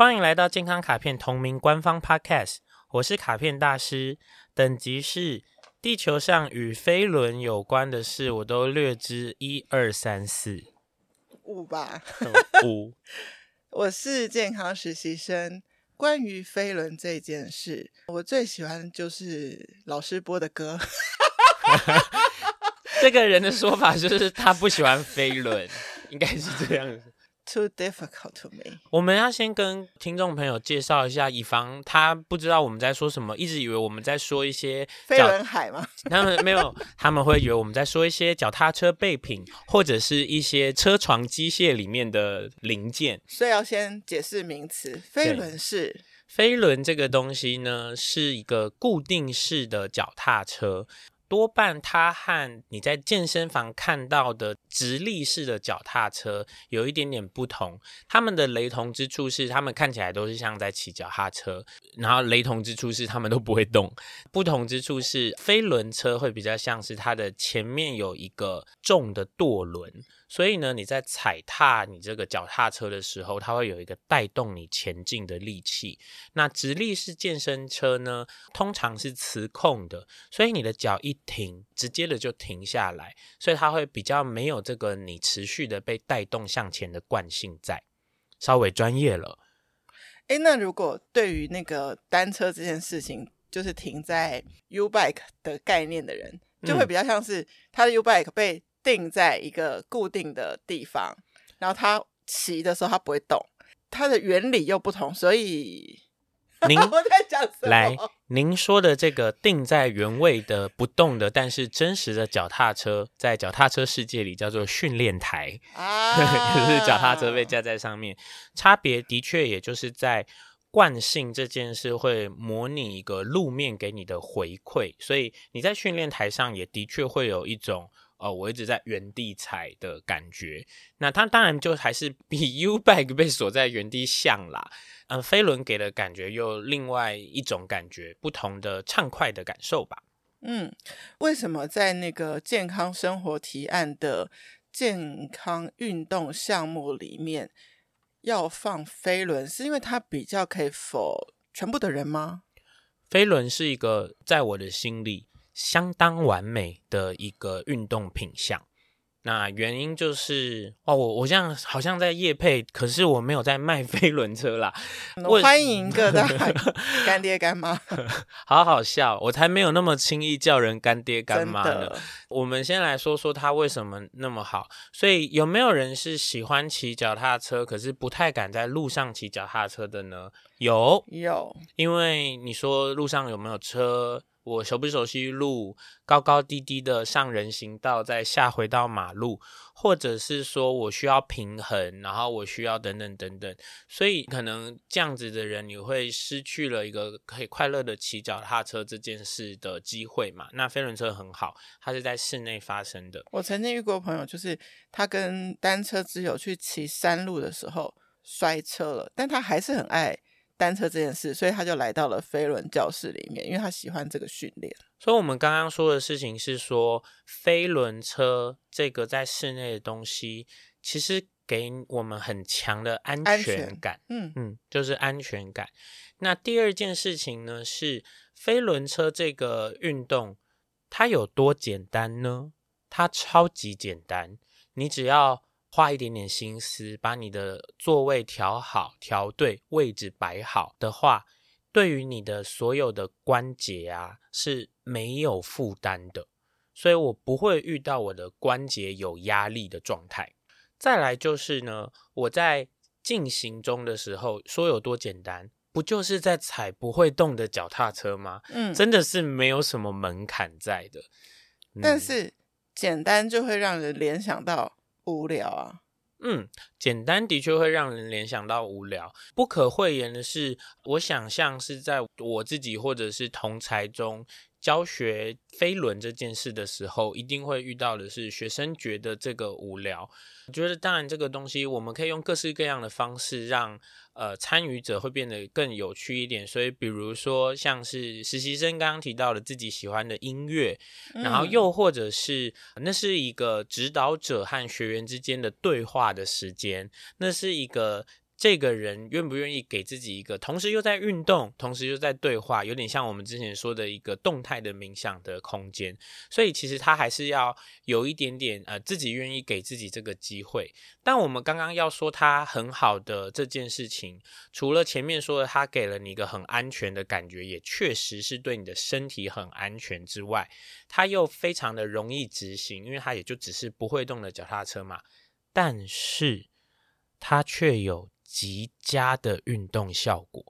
歡迎來到健康卡片同名官方 podcast，我是卡片大師，等級是地球上與飛輪有關的事我都略知一二三四五吧，哦、五。 我是健康實習生，關於飛輪這件事，我最喜歡的就是老師播的歌。 這個人的說法就是他不喜歡飛輪，應該是這樣子。Too difficult to me。我們要先跟聽眾朋友介紹一下，以防他不知道我們在說什麼，一直以為我們在說一些飛輪海嗎。 他們沒有，他們會以為我們在說一些腳踏車備品，或者是一些車床機械裡面的零件。所以要先解釋名詞，飛輪式。飛輪這個東西呢，是一個固定式的腳踏車。多半它和你在健身房看到的直立式的腳踏車有一點點不同。它們的雷同之處是，它們看起來都是像在騎腳踏車；然後雷同之處是，它們都不會動。不同之處是，飛輪車會比較像是它的前面有一個重的舵輪。所以呢，你在踩踏你這個腳踏車的時候，它會有一個帶動你前進的力氣。那直立式健身車呢，通常是磁控的，所以你的腳一停，直接的就停下來，所以它會比較沒有這個你持續的被帶動向前的慣性在。稍微專業了。誒，那如果對於那個單車這件事情，就是停在 U bike 的概念，的人就會比較像是他的 U bike 被。定在一個固定的地方，然後它騎的時候它不會動，它的原理又不同，所以您 在講什麼？來，您說的這個定在原位的不動的，但是真實的腳踏車在腳踏車世界裡叫做訓練台。啊、 就是腳踏車被架在上面，差別的確也就是在慣性這件事，會模擬一個路面給你的回饋，所以你在訓練台上也的確會有一種。哦、呃，我一直在原地踩的感覺，那它當然就還是比 UBike 被鎖在原地像啦。嗯、呃，飛輪給的感覺又另外一種感覺，不同的暢快的感受吧。嗯，為什麼在那個健康生活提案的健康運動項目裡面要放飛輪？是因為它比較可以否全部的人嗎？飛輪是一個在我的心裡。相當完美的一個運動品項，那原因就是哦，我我這樣好像在業配，可是我沒有在賣飛輪車啦。歡迎各大 乾爹乾媽， 好好笑，我才沒有那麼輕易叫人乾爹乾媽呢。我們先來說說他為什麼那麼好。所以有沒有人是喜歡騎腳踏車，可是不太敢在路上騎腳踏車的呢？有有，因為你說路上有沒有車？我熟不熟悉路，高高低低的上人行道，再下回到馬路，或者是說我需要平衡，然後我需要等等等等，所以可能這樣子的人，你會失去了一個可以快樂的騎腳踏車這件事的機會嘛？那飛輪車很好，它是在室內發生的。我曾經遇過朋友，就是他跟單車之友去騎山路的時候摔車了，但他還是很愛。單車這件事，所以他就來到了飛輪教室裡面，因為他喜歡這個訓練。所以我們剛剛說的事情是說，飛輪車這個在室內的東西，其實給我們很強的安全感。安全嗯嗯，就是安全感。那第二件事情呢，是飛輪車這個運動，它有多簡單呢？它超級簡單，你只要。花一點點心思，把你的座位調好、調對位置擺好的話，對於你的所有的關節啊是沒有負擔的，所以我不會遇到我的關節有壓力的狀態。再來就是呢，我在進行中的時候說有多簡單，不就是在踩不會動的腳踏車嗎？嗯，真的是沒有什麼門檻在的，嗯、但是簡單就會讓人聯想到。無聊啊，嗯，簡單的確會讓人聯想到無聊。不可諱言的是，我想像是在我自己或者是同儕中，教學飛輪這件事的時候，一定會遇到的是學生覺得這個無聊。我覺得當然這個東西，我們可以用各式各樣的方式讓呃參與者會變得更有趣一點。所以比如說，像是實習生剛剛提到了自己喜歡的音樂，嗯、然後又或者是那是一個指導者和學員之間的對話的時間，那是一個。這個人願不願意給自己一個同時又在運動，同時又在對話，有點像我們之前說的一個動態的冥想的空間。所以其實他還是要有一點點呃自己願意給自己這個機會。但我們剛剛要說他很好的這件事情，除了前面說的他給了你一個很安全的感覺，也確實是對你的身體很安全之外，他又非常的容易執行，因為他也就只是不會動的腳踏車嘛。但是，他卻有。極佳的運動效果，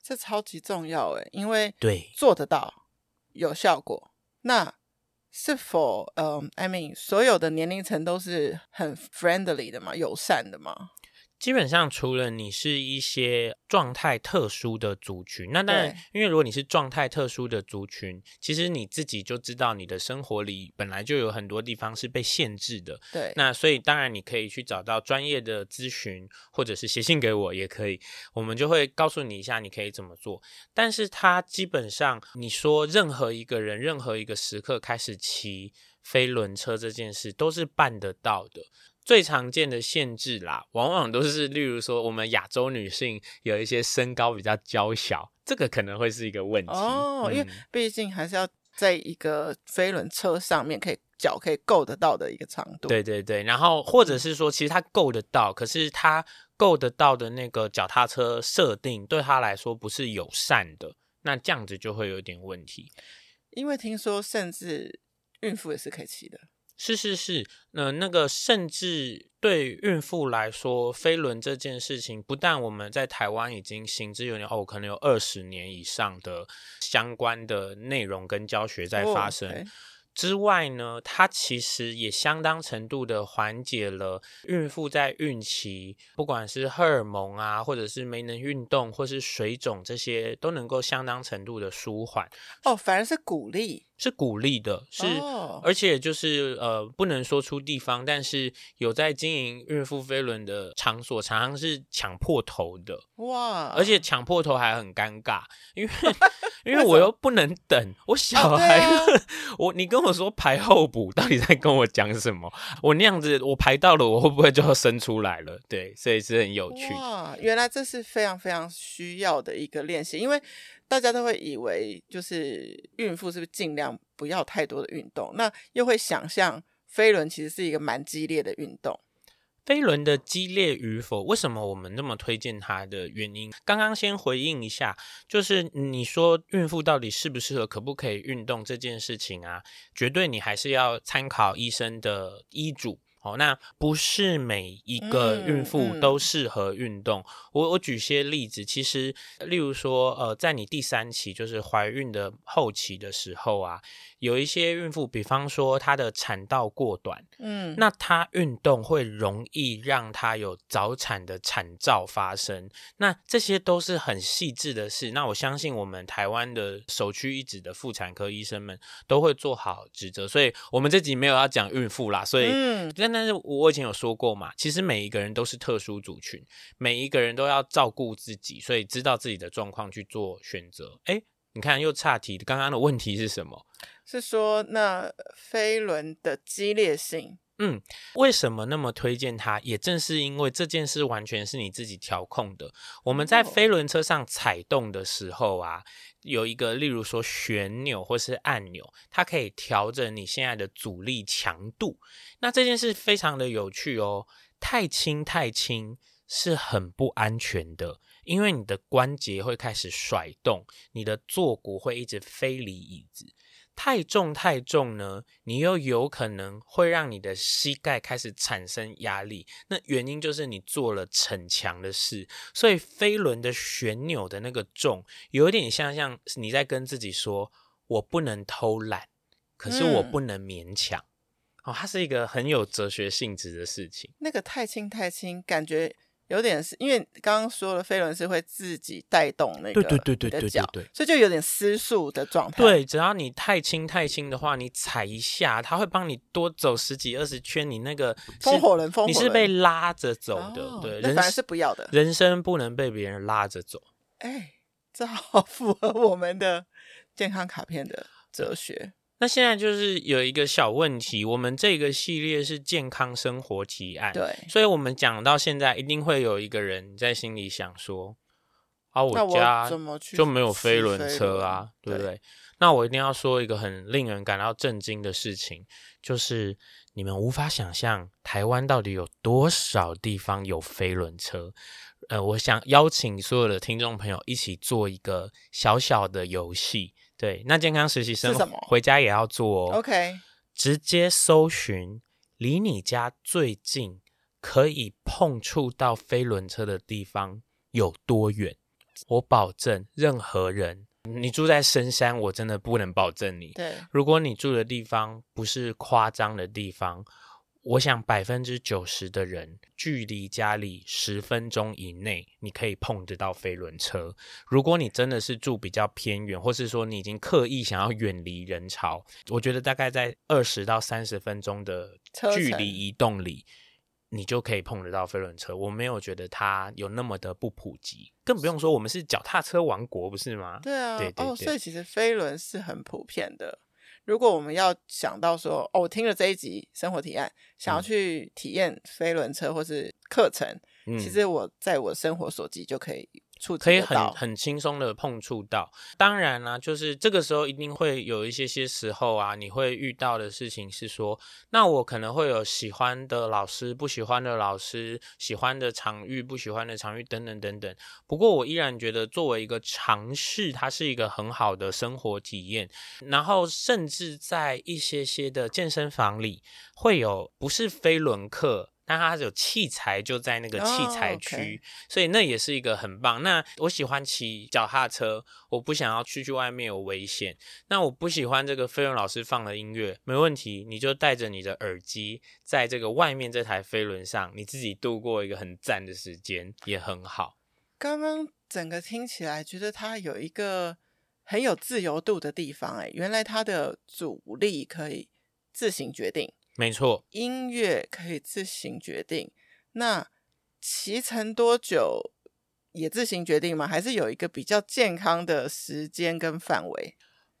這超級重要哎，因為對，做得到、有效果。那是否嗯，um, I mean, 所有的年齡層都是很 friendly 的嘛，友善的嘛？基本上，除了你是一些狀態特殊的族群，那當然，因為如果你是狀態特殊的族群，其實你自己就知道，你的生活裡本來就有很多地方是被限制的。對，那所以當然你可以去找到專業的諮詢，或者是寫信給我也可以，我們就會告訴你一下你可以怎麼做。但是，它基本上你說任何一個人、任何一個時刻開始騎飛輪車這件事，都是辦得到的。最常見的限制啦，往往都是例如說，我們亞洲女性有一些身高比較嬌小，這個可能會是一個問題。哦，嗯，因為畢竟還是要在一個飛輪車上面，可以腳可以夠得到的一個長度。對對對，然後或者是說，其實她夠得到，是。可是她夠得到的那個腳踏車設定對她來說不是友善的，那這樣子就會有點問題。因為聽說，甚至孕婦也是可以騎的。是是是，那、呃、那個甚至對孕婦來說，飛輪這件事情，不但我們在台灣已經行之有年，哦，可能有二十年以上的相關的內容跟教學在發生。Oh, okay. 之外呢，它其實也相當程度的緩解了孕婦在孕期，不管是荷爾蒙啊，或者是沒能運動，或是水腫這些，都能夠相當程度的舒緩。哦，反而是鼓勵，是鼓勵的，是，哦、而且就是呃，不能說出地方，但是有在經營孕婦飛輪的場所，常常是搶破頭的哇，而且搶破頭還很尷尬，因為。 因為我又不能等，我小孩，啊啊、 我你跟我說排候補，到底在跟我講什麼？我那樣子，我排到了，我會不會就生出來了？對，所以是很有趣。哇，原來這是非常非常需要的一個練習，因為大家都會以為就是孕婦是不是儘量不要太多的運動，那又會想象飛輪其實是一個蠻激烈的運動。飛輪的激烈與否，為什麼我們那麼推薦它的原因？剛剛先回應一下，就是你說孕婦到底適不適合、可不可以運動這件事情啊？絕對你還是要參考醫生的醫囑哦。那不是每一個孕婦都適合運動。嗯嗯、我我舉些例子，其實例如說，呃，在你第三期就是懷孕的後期的時候啊。有一些孕婦，比方說她的產道過短，嗯，那她運動會容易讓她有早產的產兆發生，那這些都是很細緻的事。那我相信我們台灣的首屈一指的婦產科醫生們都會做好職責。所以我們這集沒有要講孕婦啦，所以那、嗯、但是我以前有說過嘛，其實每一個人都是特殊族群，每一個人都要照顧自己，所以知道自己的狀況去做選擇。哎。你看，又岔題。剛剛的問題是什麼？是說那飛輪的激烈性。嗯，為什麼那麼推薦它？也正是因為這件事完全是你自己調控的。我們在飛輪車上踩動的時候啊，哦、有一個例如說旋鈕或是按鈕，它可以調整你現在的阻力強度。那這件事非常的有趣哦，太輕太輕是很不安全的。因為你的關節會開始甩動，你的坐骨會一直飛離椅子。太重太重呢，你又有可能會讓你的膝蓋開始產生壓力。那原因就是你做了逞強的事。所以飛輪的旋鈕的那個重，有點像像你在跟自己說：“我不能偷懶，可是我不能勉強。”嗯，哦，它是一個很有哲學性質的事情。那個太輕太輕，感覺。有點是因為剛剛說了飛輪是會自己帶動那個的。對，對，對，對對對對對對，所以就有點失速的狀態。對，只要你太輕太輕的話，你踩一下，它會幫你多走十幾二十圈。你那個風火輪風火輪，你是被拉着走的。哦、對，人是不要的人，人生不能被別人拉着走。哎，這好符合我們的健康卡片的哲學。嗯那現在就是有一個小問題，我們這個系列是健康生活提案，對，所以我們講到現在，一定會有一個人在心裡想說：“啊，我家就沒有飛輪車啊，對不對，對？”那我一定要說一個很令人感到震驚的事情，就是你們無法想象台灣到底有多少地方有飛輪車。呃，我想邀請所有的聽眾朋友一起做一個小小的遊戲。對，那健康實習生回家也要做哦。OK，直接搜尋離你家最近可以碰觸到飛輪車的地方有多遠。我保證，任何人，你住在深山，我真的不能保證你。對，如果你住的地方不是誇張的地方。我想百分之九十的人，距離家裡十分鐘以內，你可以碰得到飛輪車。如果你真的是住比較偏遠，或是說你已經刻意想要遠離人潮，我覺得大概在二十到三十分鐘的距離移動裡，你就可以碰得到飛輪車。我沒有覺得它有那麼的不普及，更不用說我們是腳踏車王國，不是嗎？對啊，對對對哦。所以其實飛輪是很普遍的。如果我們要想到說，哦，我聽了這一集生活提案，想要去體驗飛輪車或是課程，嗯、其實我在我生活所及就可以。觸可以很很輕鬆的碰觸到，當然啦、啊，就是這個時候一定會有一些些時候啊，你會遇到的事情是說，那我可能會有喜歡的老師，不喜歡的老師，喜歡的場域，不喜歡的場域，等等等等。不過我依然覺得作為一個嘗試，它是一個很好的生活體驗。然後甚至在一些些的健身房裡，會有不是飛輪課。那它有器材就在那個器材區，Oh, okay. 所以那也是一個很棒。那我喜歡騎腳踏車，我不想要出去,去外面有危險。那我不喜歡這個飛輪老師放的音樂，沒問題，你就帶着你的耳機在這個外面這台飛輪上，你自己度過一個很讚的時間也很好。剛剛整個聽起來覺得它有一個很有自由度的地方、欸，誒，原來它的阻力可以自行決定。沒錯，音樂可以自行決定。那騎乘多久也自行決定嗎？還是有一個比較健康的時間跟範圍？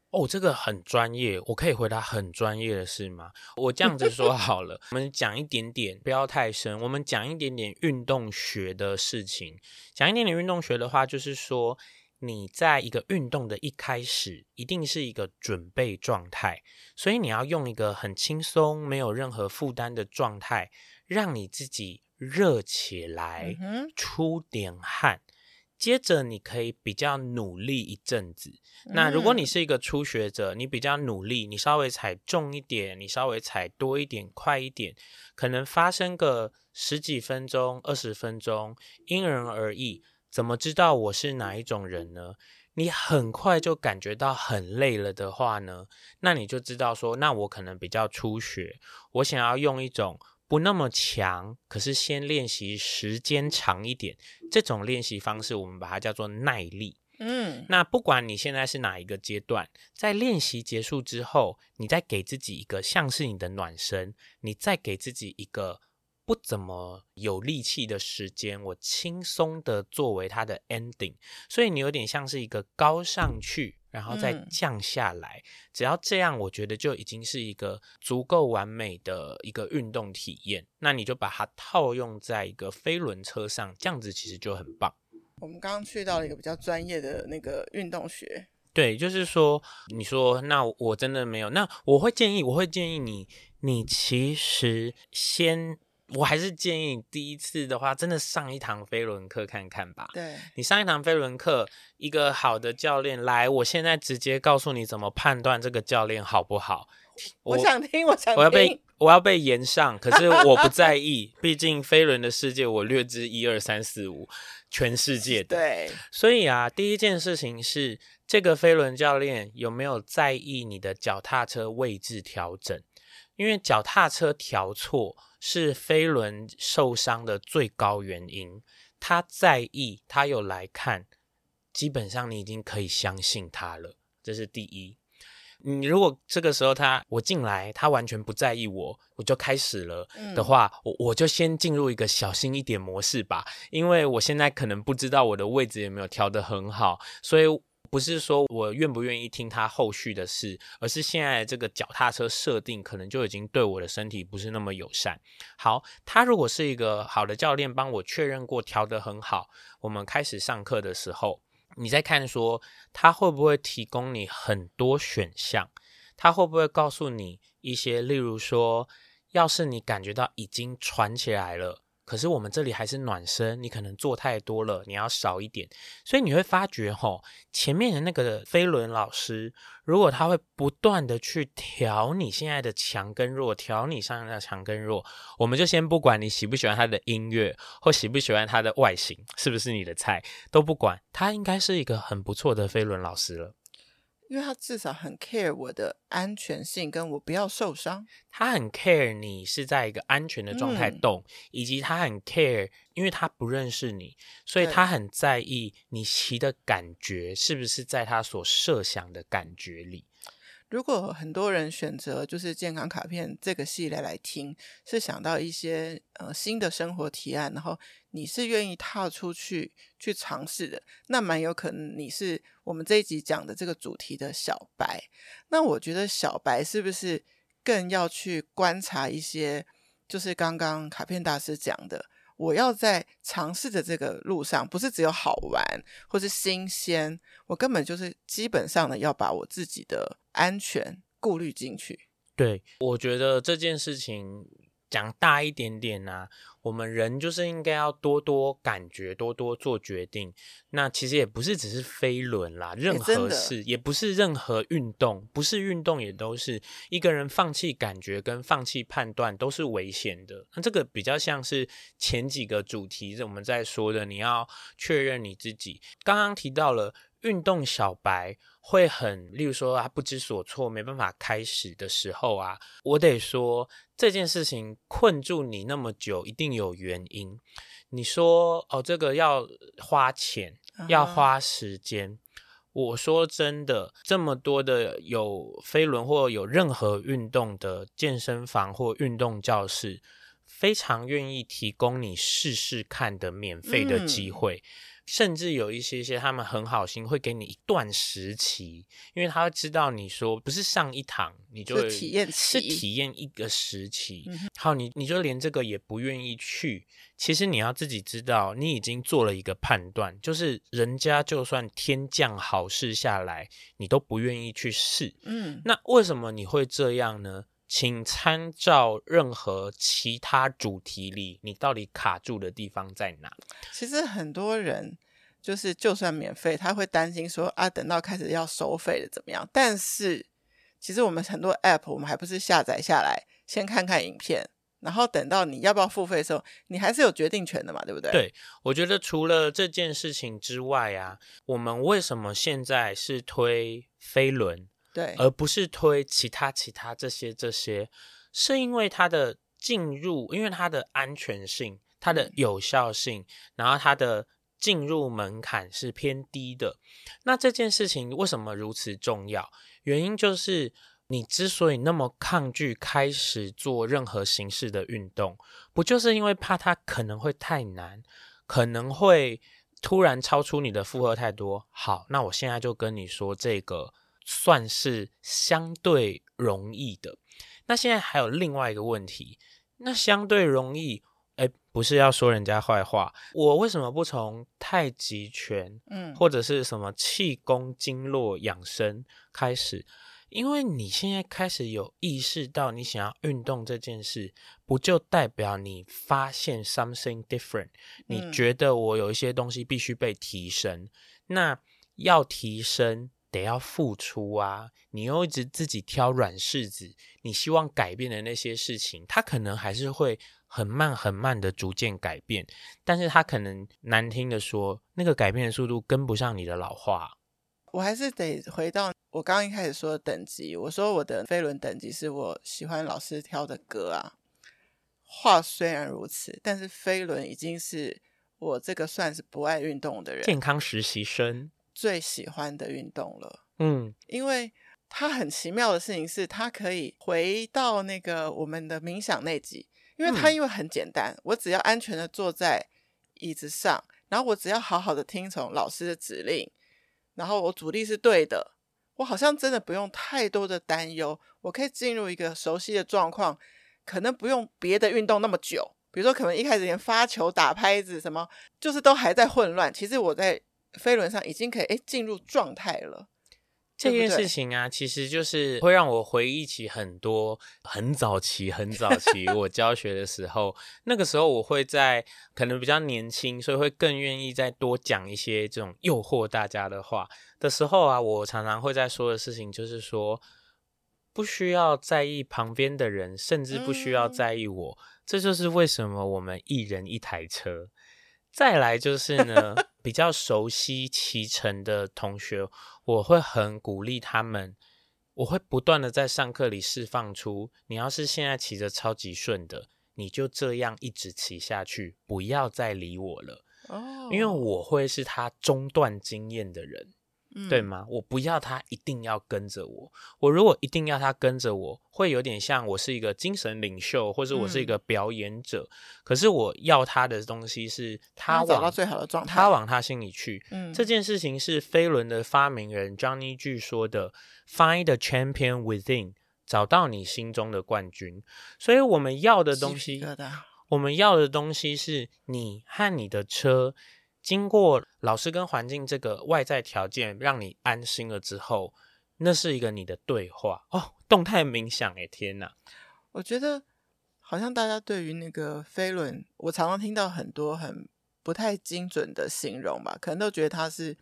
哦，這個很專業，我可以回答很專業的事嗎？我這樣子說好了， 我們講一點點，不要太深。我們講一點點運動學的事情。講一點點運動學的話，就是說。你在一個運動的一開始，一定是一個準備狀態，所以你要用一個很輕鬆、沒有任何負擔的狀態，讓你自己熱起來，嗯、出點汗。接着，你可以比較努力一陣子、嗯。那如果你是一個初學者，你比較努力，你稍微踩重一點，你稍微踩多一點，快一點，可能發生個十幾分鐘、二十分鐘，因人而異。怎麼知道我是哪一種人呢？你很快就感覺到很累了的話呢，那你就知道說，那我可能比較初學，我想要用一種不那麼強，可是先練習時間長一點。這種練習方式我們把它叫做耐力。嗯，那不管你現在是哪一個階段，在練習結束之後，你再給自己一個像是你的暖身，你再給自己一個。不怎麼有力氣的時間，我輕鬆的作為它的 ending，所以你有點像是一個高上去，然後再降下來。嗯，只要這樣，我覺得就已經是一個足夠完美的一個運動體驗。那你就把它套用在一個飛輪車上，這樣子其實就很棒。我們剛剛去到了一個比較專業的那個運動學，對，就是說，你說那我真的沒有，那我會建議，我會建議你，你其實先。我還是建議你第一次的話，真的上一堂飛輪課看看吧。對，你上一堂飛輪課，一個好的教練來。我現在直接告訴你怎麼判斷這個教練好不好。我,我想聽，我想聽，我要被我要被炎上，可是我不在意， 畢竟飛輪的世界我略知一二三四五，全世界的。對，所以啊，第一件事情是這個飛輪教練有沒有在意你的腳踏車位置調整？因為腳踏車調錯。是飛輪受傷的最高原因。他在意，他有來看，基本上你已經可以相信他了。這是第一。你、嗯、如果這個時候他我進來，他完全不在意我，我就開始了、嗯、的話，我我就先進入一個小心一點模式吧，因為我現在可能不知道我的位置有沒有調得很好，所以。不是說我願不願意聽他後續的事，而是現在這個腳踏車設定可能就已經對我的身體不是那麼友善。好，他如果是一個好的教練，幫我確認過調得很好，我們開始上課的時候，你再看說他會不會提供你很多選項，他會不會告訴你一些，例如說，要是你感覺到已經喘起來了。可是我們這裡還是暖身，你可能做太多了，你要少一點。所以你會發覺，吼，前面的那個飛輪老師，如果他會不斷的去調你現在的強跟弱，調你現在的強跟弱，我們就先不管你喜不喜歡他的音樂，或喜不喜歡他的外形，是不是你的菜，都不管，他應該是一個很不錯的飛輪老師了。因為他至少很 care 我的安全性，跟我不要受傷。他很 care 你是在一個安全的狀態動，嗯、以及他很 care，因為他不認識你，所以他很在意你騎的感覺是不是在他所設想的感覺裡。如果很多人選擇就是健康卡片這個系列來聽，是想到一些呃新的生活提案，然後你是願意踏出去去嘗試的，那蠻有可能你是我們這一集講的這個主題的小白。那我覺得小白是不是更要去觀察一些，就是剛剛卡片大師講的。我要在嘗試的這個路上，不是只有好玩或是新鮮，我根本就是基本上呢，要把我自己的安全顧慮進去。對，我覺得這件事情。講大一點點啊，我們人就是應該要多多感覺，多多做決定。那其實也不是只是飛輪啦，任何事、欸、也不是任何運動，不是運動也都是一個人放棄感覺跟放棄判斷都是危險的。那這個比較像是前幾個主題，我們在說的，你要確認你自己。剛剛提到了。運動小白會很，例如說他不知所措，沒辦法開始的時候啊，我得說這件事情困住你那麼久，一定有原因。你說哦，這個要花錢，Uh-huh. 要花時間。我說真的，這麼多的有飛輪或有任何運動的健身房或運動教室，非常願意提供你試試看的免費的機會。Mm. 甚至有一些些，他們很好心會給你一段時期，因為他會知道你說不是上一堂，你就體驗是體驗一個時期。嗯、好，你你就連這個也不願意去。其實你要自己知道，你已經做了一個判斷，就是人家就算天降好事下來，你都不願意去試。嗯，那為什麼你會這樣呢？請參照任何其他主題裡，你到底卡住的地方在哪？其實很多人就是就算免費，他會擔心說啊，等到開始要收費了怎麼樣？但是其實我們很多 app，我們還不是下載下來先看看影片，然後等到你要不要付費的時候，你還是有決定權的嘛，對不對？對，我覺得除了這件事情之外啊，我們為什麼現在是推飛輪？對，而不是推其他其他這些這些，是因為它的進入，因為它的安全性、它的有效性，然後它的進入門檻是偏低的。那這件事情為什麼如此重要？原因就是你之所以那麼抗拒開始做任何形式的運動，不就是因為怕它可能會太難，可能會突然超出你的負荷太多？好，那我現在就跟你說這個。算是相對容易的。那現在還有另外一個問題，那相對容易，誒，不是要說人家壞話。我為什麼不從太極拳，嗯，或者是什麼氣功、經絡養生開始？嗯。因為你現在開始有意識到你想要運動這件事，不就代表你發現 something different？嗯。你覺得我有一些東西必須被提升，那要提升。得要付出啊！你又一直自己挑軟柿子，你希望改變的那些事情，它可能還是會很慢、很慢的逐漸改變，但是它可能難聽的說，那個改變的速度跟不上你的老化。我還是得回到我剛剛一開始說的等級，我說我的飛輪等級是我喜歡老師挑的歌啊。話雖然如此，但是飛輪已經是我這個算是不愛運動的人健康實習生。最喜歡的運動了，嗯，因為它很奇妙的事情是，它可以回到那個我們的冥想那集，因為它因為很簡單，我只要安全的坐在椅子上，然後我只要好好的聽從老師的指令，然後我主力是對的，我好像真的不用太多的擔憂，我可以進入一個熟悉的狀況，可能不用別的運動那麼久，比如說可能一開始連發球、打拍子什麼，就是都還在混亂，其實我在。飛輪上已經可以，哎，進入狀態了對對，這件事情啊，其實就是會讓我回憶起很多很早期、很早期我教學的時候， 那個時候我會在可能比較年輕，所以會更願意再多講一些這種誘惑大家的話的時候啊，我常常會在說的事情就是說，不需要在意旁邊的人，甚至不需要在意我，嗯、這就是為什麼我們一人一台車。再來就是呢， 比較熟悉騎乘的同學，我會很鼓勵他們。我會不斷的在上課裡釋放出，你要是現在騎着超級順的，你就這樣一直騎下去，不要再理我了。哦，因為我會是他中斷經驗的人。嗯、對嗎？我不要他一定要跟着我。我如果一定要他跟着我，會有點像我是一個精神領袖，或者我是一個表演者、嗯。可是我要他的東西是他找到最好的狀態，他往他心裡去。嗯，這件事情是飛輪的發明人 Johnny G 說的、嗯、：“Find a champion within，找到你心中的冠軍。”所以我們要的東西的，我們要的東西是你和你的車。經過老師跟環境這個外在條件讓你安心了之後，那是一個你的對話哦，動態冥想哎，天哪！我覺得好像大家對於那個飛輪，我常常聽到很多很不太精準的形容嘛，可能都覺得它是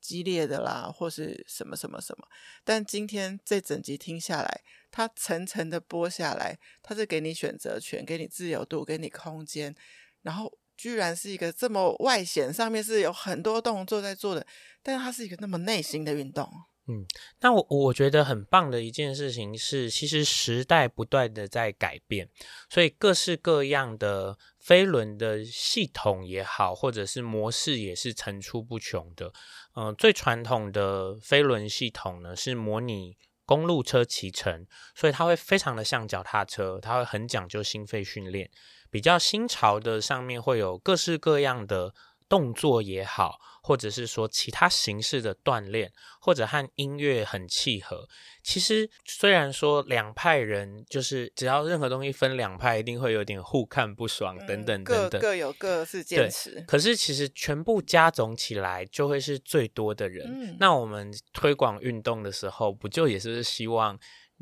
激烈的啦，或是什麼什麼什麼。但今天這整集聽下來，它層層的剝下來，它是給你選擇權，給你自由度，給你空間，然後。居然是一個這麼外顯，上面是有很多動作在做的，但是它是一個那麼內心的運動。嗯，那我我覺得很棒的一件事情是，其實時代不斷的在改變，所以各式各樣的飛輪的系統也好，或者是模式也是層出不窮的。嗯、呃，最傳統的飛輪系統呢，是模擬公路車騎乘，所以它會非常的像腳踏車，它會很講究心肺訓練。比較新潮的，上面會有各式各樣的動作也好，或者是說其他形式的鍛鍊，或者和音樂很契合。其實雖然說，兩派人就是只要任何東西分兩派，一定會有點互看不爽等等等等，嗯、各，各有各自堅持。可是其實全部加總起來就會是最多的人。嗯、那我們推廣運動的時候，不就也是希望？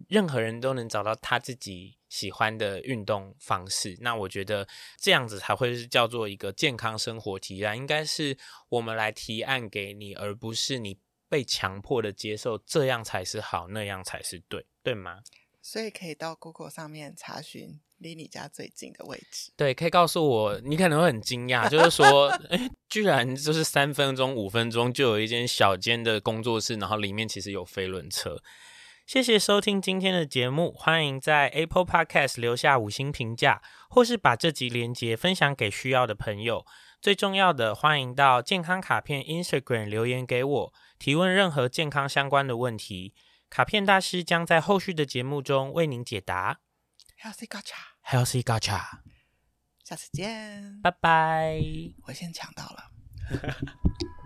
任何人都能找到他自己喜歡的運動方式，那我覺得這樣子才會是叫做一個健康生活提案。應該是我們來提案給你，而不是你被強迫的接受，這樣才是好，那樣才是對，對嗎？所以可以到 Google 上面查詢離你家最近的位置。對，可以告訴我，你可能會很驚訝， 就是說，欸，居然就是三分鐘、五分鐘就有一間小間的工作室，然後裡面其實有飛輪車。謝謝收聽今天的節目，歡迎在 Apple Podcast 留下五星評價，或是把這集連結分享給需要的朋友。最重要的，歡迎到健康卡片 Instagram 留言給我，提問任何健康相關的問題。卡片大師將在後續的節目中為您解答。Healthy Gacha，Healthy Gacha，下次見，拜拜。我先搶到了。